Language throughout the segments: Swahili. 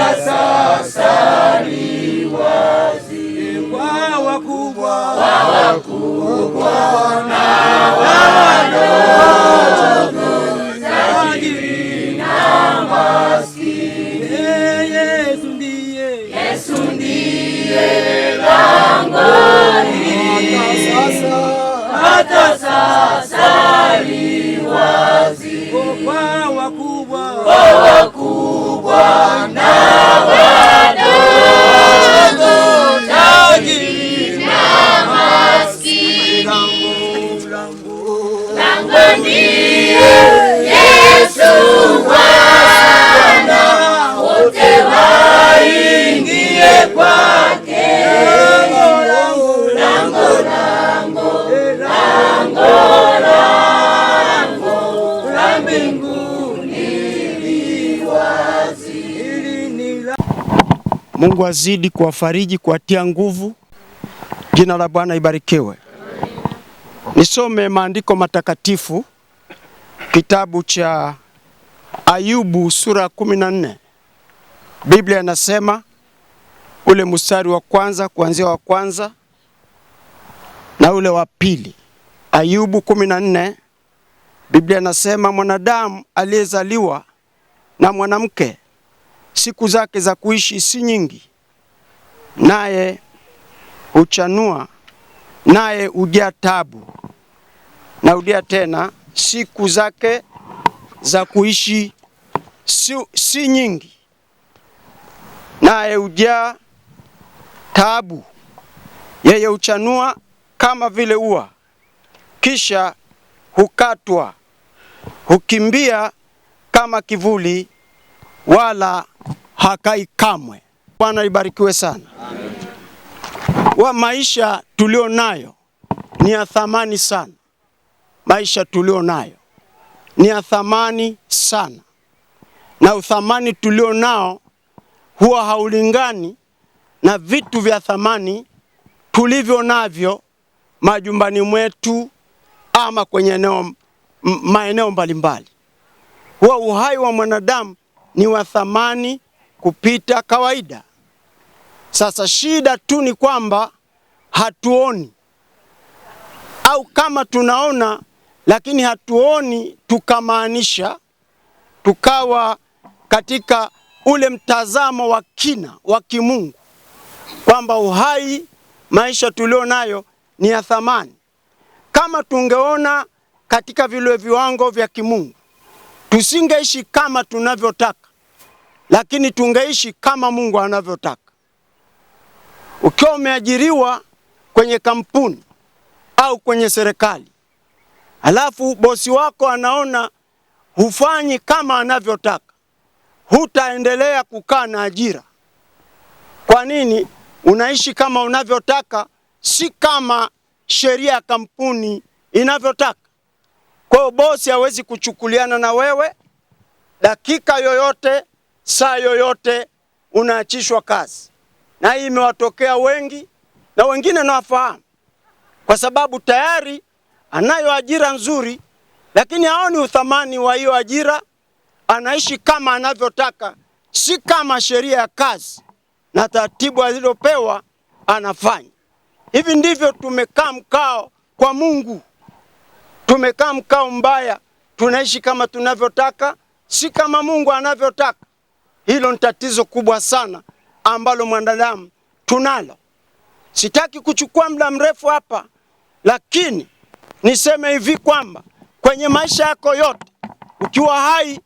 Anga sasa ni wazi kwa wakubwa, kwa wakubwa Mungu azidi kuwafariji, kuwatia nguvu. Jina la Bwana ibarikiwe. Nisome maandiko matakatifu kitabu cha Ayubu sura 14. Biblia inasema ule mstari wa kwanza kuanzia wa kwanza na ule wa pili. Ayubu 14, Biblia inasema mwanadamu aliyezaliwa na mwanamke siku zake za kuishi si nyingi, naye huchanua, naye hujaa tabu. Narudia tena, siku zake za kuishi si, si nyingi, naye hujaa tabu. Yeye huchanua kama vile ua, kisha hukatwa, hukimbia kama kivuli, wala hakai kamwe. Bwana ibarikiwe sana wa maisha tulio nayo ni ya thamani sana. Maisha tulio nayo ni ya thamani sana, na uthamani tulio nao huwa haulingani na vitu vya thamani tulivyo navyo majumbani mwetu ama kwenye eneo maeneo mbalimbali. Huwa uhai wa mwanadamu ni wa thamani kupita kawaida. Sasa shida tu ni kwamba hatuoni au kama tunaona lakini hatuoni tukamaanisha, tukawa katika ule mtazamo wa kina wa kimungu kwamba uhai, maisha tulio nayo ni ya thamani. Kama tungeona katika vile viwango vya kimungu, tusingeishi kama tunavyotaka, lakini tungeishi kama Mungu anavyotaka. Ukiwa umeajiriwa kwenye kampuni au kwenye serikali, alafu bosi wako anaona hufanyi kama anavyotaka, hutaendelea kukaa na ajira. Kwa nini? Unaishi kama unavyotaka, si kama sheria ya kampuni inavyotaka. Kwa hiyo bosi hawezi kuchukuliana na wewe dakika yoyote, saa yoyote, unaachishwa kazi na hii imewatokea wengi na wengine nawafahamu, kwa sababu tayari anayo ajira nzuri, lakini haoni uthamani wa hiyo ajira. Anaishi kama anavyotaka, si kama sheria ya kazi na taratibu alizopewa anafanya. Hivi ndivyo tumekaa mkao kwa Mungu, tumekaa mkao mbaya, tunaishi kama tunavyotaka, si kama Mungu anavyotaka. Hilo ni tatizo kubwa sana ambalo mwanadamu tunalo. Sitaki kuchukua muda mrefu hapa, lakini niseme hivi kwamba kwenye maisha yako yote, ukiwa hai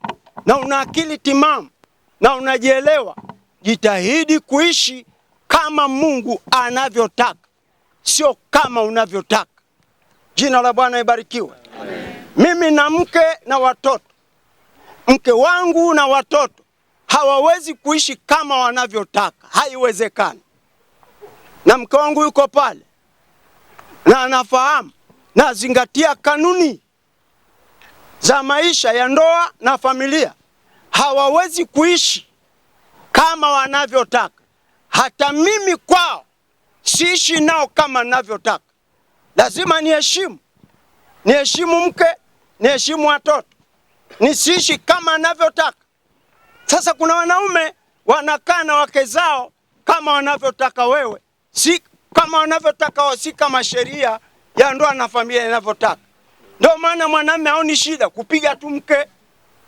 na una akili timamu na unajielewa, jitahidi kuishi kama Mungu anavyotaka, sio kama unavyotaka. Jina la Bwana ibarikiwe. Amen. Mimi na mke na watoto, mke wangu na watoto hawawezi kuishi kama wanavyotaka, haiwezekani. Na mke wangu yuko pale na anafahamu, nazingatia kanuni za maisha ya ndoa na familia. Hawawezi kuishi kama wanavyotaka. Hata mimi kwao siishi nao kama ninavyotaka. lazima niheshimu, niheshimu mke, niheshimu watoto, nisiishi kama anavyotaka sasa kuna wanaume wanakaa na wake zao kama wanavyotaka wewe, si kama wanavyotaka wao, si kama sheria ya ndoa na familia inavyotaka. Ndio maana mwanamume haoni shida kupiga tu mke,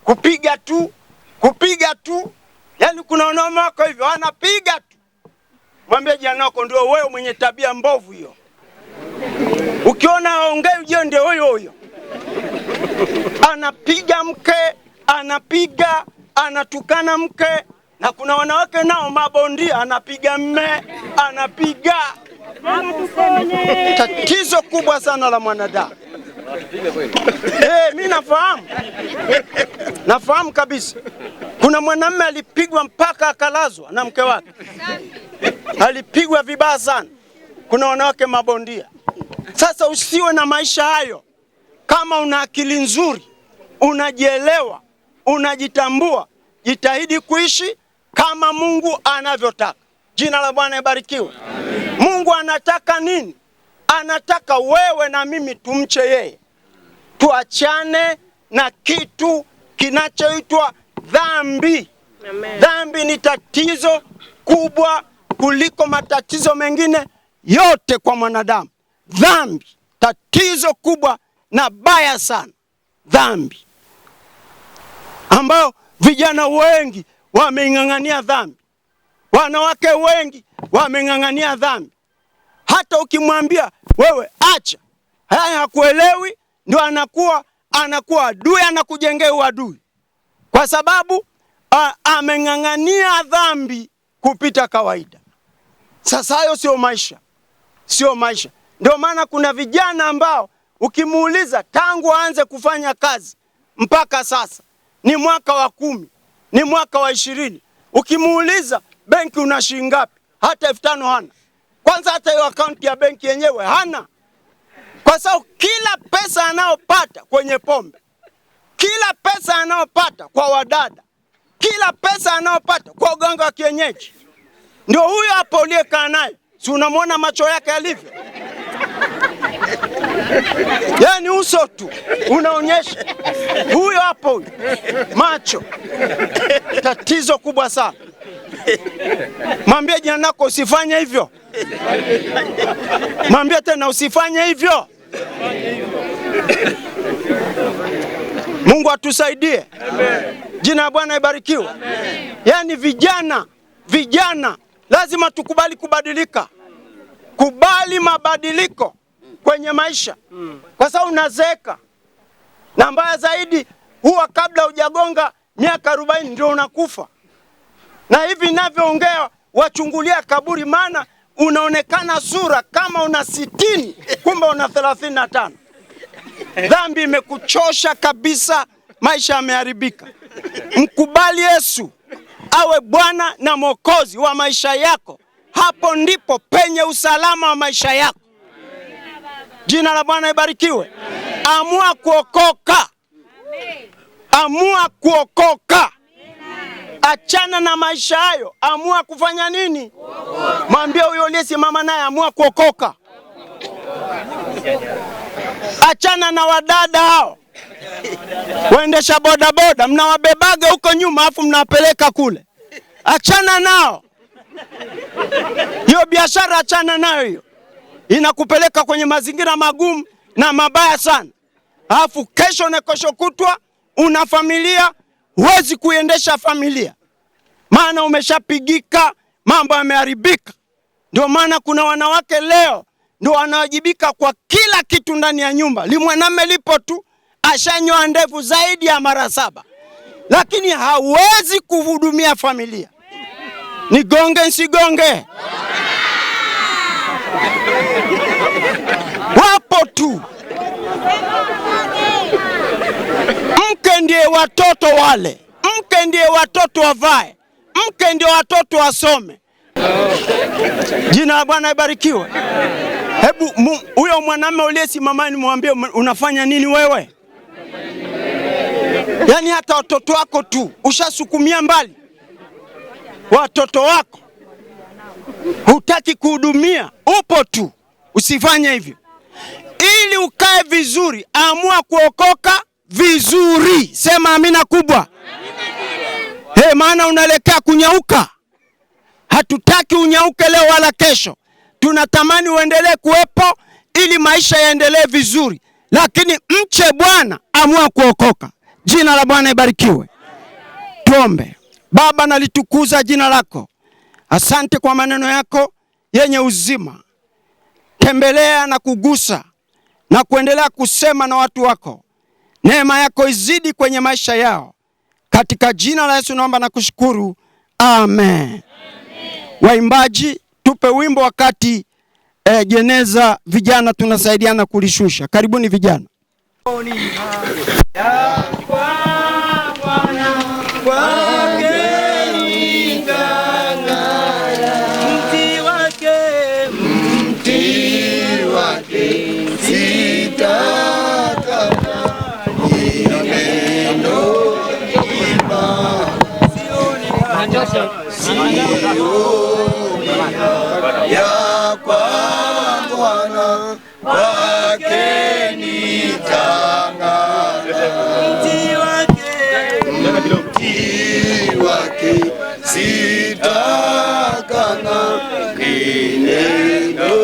kupiga tu, kupiga tu. Yaani kuna wanaume wako hivyo, anapiga tu. Mwambie jirani wako, ndio wewe mwenye tabia mbovu hiyo. Ukiona aongee ujio, ndio huyo huyo anapiga mke, anapiga anatukana mke, na kuna wanawake nao mabondia, anapiga mme, anapiga tatizo kubwa sana la mwanadamu. Hey, eh, mi nafahamu nafahamu kabisa. Kuna mwanamume alipigwa mpaka akalazwa na mke wake, alipigwa vibaya sana. Kuna wanawake mabondia. Sasa usiwe na maisha hayo, kama una akili nzuri unajielewa unajitambua, jitahidi kuishi kama Mungu anavyotaka. Jina la Bwana ibarikiwe. Mungu anataka nini? Anataka wewe na mimi tumche yeye, tuachane na kitu kinachoitwa dhambi. Amen. Dhambi ni tatizo kubwa kuliko matatizo mengine yote kwa mwanadamu. Dhambi tatizo kubwa na baya sana, dhambi ambao vijana wengi wameing'ang'ania dhambi, wanawake wengi wameng'ang'ania dhambi. Hata ukimwambia wewe acha haya hakuelewi, ndio anakuwa anakuwa adui, anakujengea uadui kwa sababu ameng'ang'ania dhambi kupita kawaida. Sasa hayo sio maisha, sio maisha. Ndio maana kuna vijana ambao ukimuuliza tangu aanze kufanya kazi mpaka sasa ni mwaka wa kumi, ni mwaka wa ishirini. Ukimuuliza benki una shilingi ngapi, hata elfu tano hana. Kwanza hata hiyo akaunti ya benki yenyewe hana, kwa sababu kila pesa anayopata kwenye pombe, kila pesa anayopata kwa wadada, kila pesa anayopata kwa uganga wa kienyeji, ndio huyo hapo uliyekaa naye, si unamwona macho yake yalivyo? yani uso tu unaonyesha huyo hapo, huyo macho. Tatizo kubwa sana. Mwambie jina nako usifanye hivyo, mwambie tena usifanye hivyo. Mungu atusaidie. Amen. Jina la Bwana ibarikiwe. Amen. Yaani vijana, vijana lazima tukubali kubadilika, kubali mabadiliko kwenye maisha mm. Kwa sababu unazeeka na mbaya zaidi huwa kabla hujagonga miaka arobaini ndio unakufa, na hivi ninavyoongea wachungulia kaburi, maana unaonekana sura kama una sitini kumbe una thelathini na tano. Dhambi imekuchosha kabisa, maisha yameharibika. Mkubali Yesu awe Bwana na Mwokozi wa maisha yako. Hapo ndipo penye usalama wa maisha yako. Jina la Bwana ibarikiwe. Amua kuokoka, amua kuokoka, achana na maisha hayo. Amua kufanya nini? Mwambie huyo uliyesimama naye, amua kuokoka, achana na wadada hao waendesha bodaboda, mnawabebaga huko nyuma, afu mnawapeleka kule. Achana nao, hiyo biashara, achana nayo hiyo inakupeleka kwenye mazingira magumu na mabaya sana, alafu kesho na kesho kutwa una familia, huwezi kuiendesha familia, maana umeshapigika, mambo yameharibika. Ndio maana kuna wanawake leo ndio wanawajibika kwa kila kitu ndani ya nyumba. Limwaname lipo tu ashanyoa ndevu zaidi ya mara saba, lakini hawezi kuhudumia familia. Nigonge nsigonge? wapo tu. Mke ndiye watoto wale, mke ndiye watoto wavae, mke ndiye watoto wasome. Jina la Bwana ibarikiwe. Hebu huyo mwanamume ni mwambie unafanya nini wewe? Yaani hata watoto wako tu ushasukumia mbali, watoto wako hutaki kuhudumia, upo tu, usifanye hivyo. Ili ukae vizuri, amua kuokoka vizuri. Sema amina kubwa. Hey, eh, maana unaelekea kunyauka. Hatutaki unyauke leo wala kesho, tunatamani uendelee kuwepo ili maisha yaendelee vizuri, lakini mche Bwana, amua kuokoka. Jina la Bwana ibarikiwe. Tuombe. Baba, nalitukuza jina lako Asante kwa maneno yako yenye uzima. Tembelea na kugusa na kuendelea kusema na watu wako. Neema yako izidi kwenye maisha yao. Katika jina la Yesu naomba na kushukuru. Amen. Amen. Waimbaji, tupe wimbo wakati e, jeneza vijana tunasaidiana kulishusha. Karibuni vijana. Sayuni ya kwa Bwana wake ni tangana, mti wake sitakana, ni neno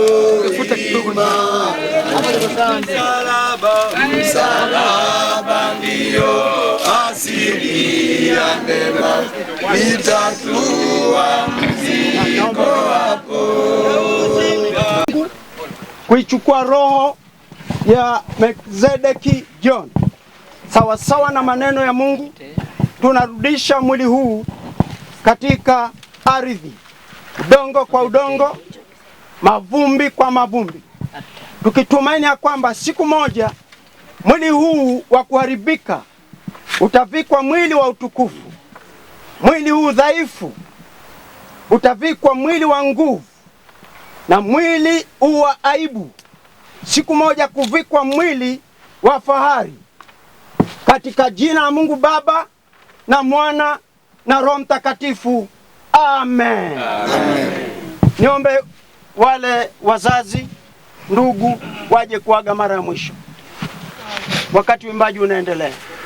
itatua mzigo Kuichukua roho ya Melkizedeki John sawasawa na maneno ya Mungu, tunarudisha mwili huu katika ardhi, udongo kwa udongo, mavumbi kwa mavumbi, tukitumaini ya kwamba siku moja mwili huu wa kuharibika utavikwa mwili wa utukufu. Mwili huu dhaifu utavikwa mwili wa nguvu, na mwili huu wa aibu siku moja kuvikwa mwili wa fahari. Katika jina la Mungu Baba na Mwana na Roho Mtakatifu, amen, amen. Niombe wale wazazi ndugu waje kuaga mara ya mwisho wakati wimbaji unaendelea.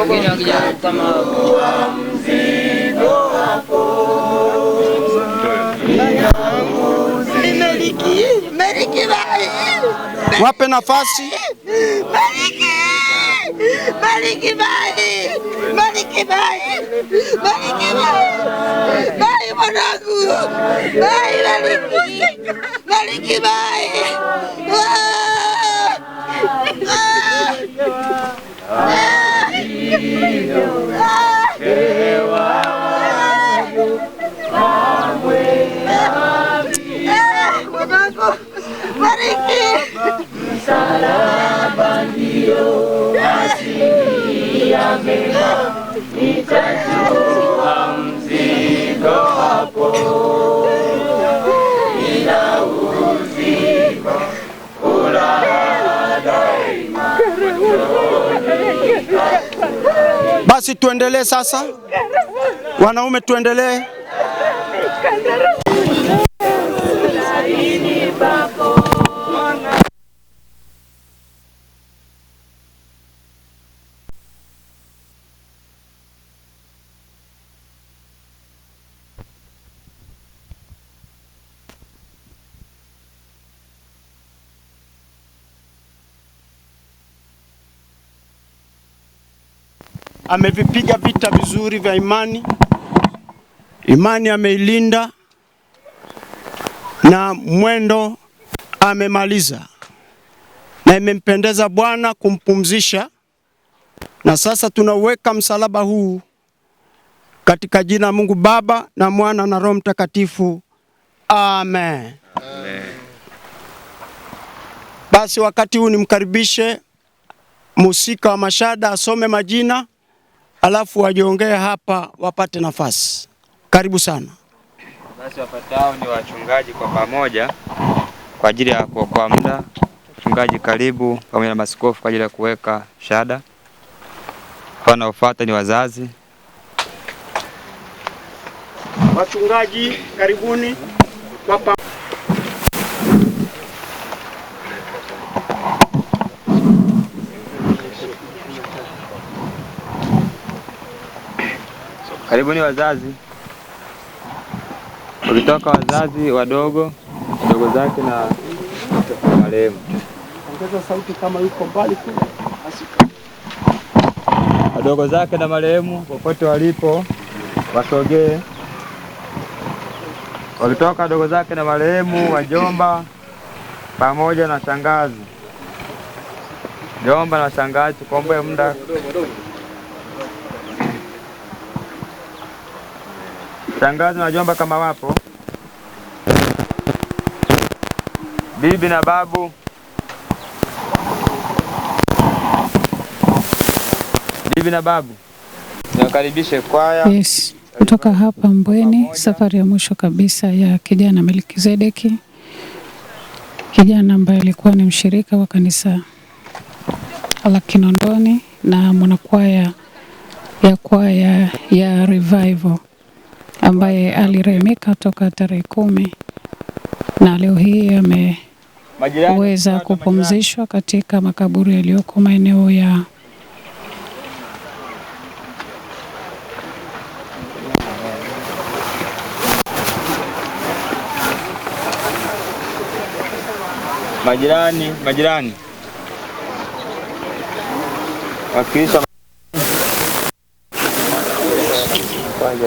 wengine wakija kama mzigo wako wape nafasi mwanangu, Msalaba ndio asili ya mema. sisi tuendelee sasa, wanaume tuendelee amevipiga vita vizuri vya imani, imani ameilinda na mwendo amemaliza, na imempendeza Bwana kumpumzisha. Na sasa tunaweka msalaba huu katika jina la Mungu Baba na Mwana na Roho Mtakatifu, amen, amen. Basi wakati huu nimkaribishe musika wa mashada asome majina alafu wajiongee hapa wapate nafasi. Karibu sana. Basi wapatao ni wachungaji kwa pamoja kwa ajili ya kuokoa muda. Wachungaji karibu pamoja na maskofu kwa ajili ya kuweka shada Wanaofuata ni wazazi. Wachungaji karibuni kwa pamoja. Karibuni wazazi. Ukitoka wazazi wadogo, wadogo zake na marehemu. Ongeza sauti kama yuko mbali kule. Wadogo zake na marehemu popote walipo wasogee. Wakitoka wadogo zake na marehemu, wajomba pamoja na shangazi, jomba na shangazi, tukomboe muda Tangazo na jomba kama wapo, bibi na babu, bibi na babu, niwakaribishe kwaya. Yes, kutoka hapa Mbweni, safari ya mwisho kabisa ya kijana Melkizedeki, kijana ambaye alikuwa ni mshirika wa kanisa la Kinondoni na mwanakwaya ya kwaya ya Revival ambaye alirehemika toka tarehe kumi na leo hii ameweza kupumzishwa katika makaburi yaliyoko maeneo ya majirani majirani wakilisha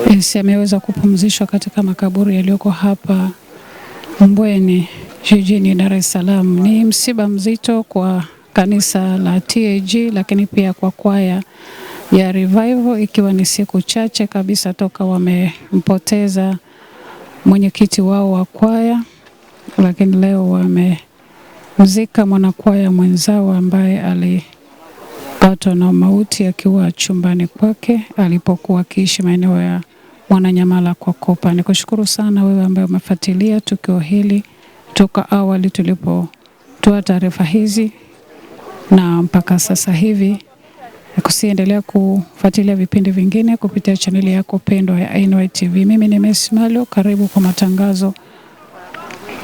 Yes, ameweza kupumzishwa katika makaburi yaliyoko hapa Mbweni jijini Dar es Salaam. Ni msiba mzito kwa kanisa la TAG lakini pia kwa kwaya ya Revival, ikiwa ni siku chache kabisa toka wamempoteza mwenyekiti wao wa kwaya, lakini leo wamemzika mwanakwaya mwenzao ambaye ali kupatwa na mauti akiwa chumbani kwake alipokuwa akiishi maeneo ya Mwananyamala kwa Kopa. Nikushukuru sana wewe ambaye umefuatilia tukio hili toka awali tulipotoa taarifa hizi na mpaka sasa hivi. Kusiendelea kufuatilia vipindi vingine kupitia chaneli yako pendwa ya NYTV. Mimi ni Messi Malo, karibu kwa matangazo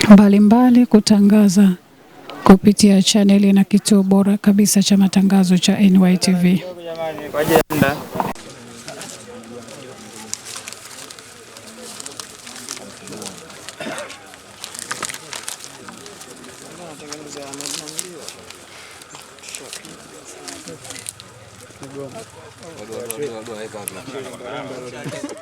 mbalimbali mbali kutangaza kupitia chaneli na kituo bora kabisa cha matangazo cha NYTV.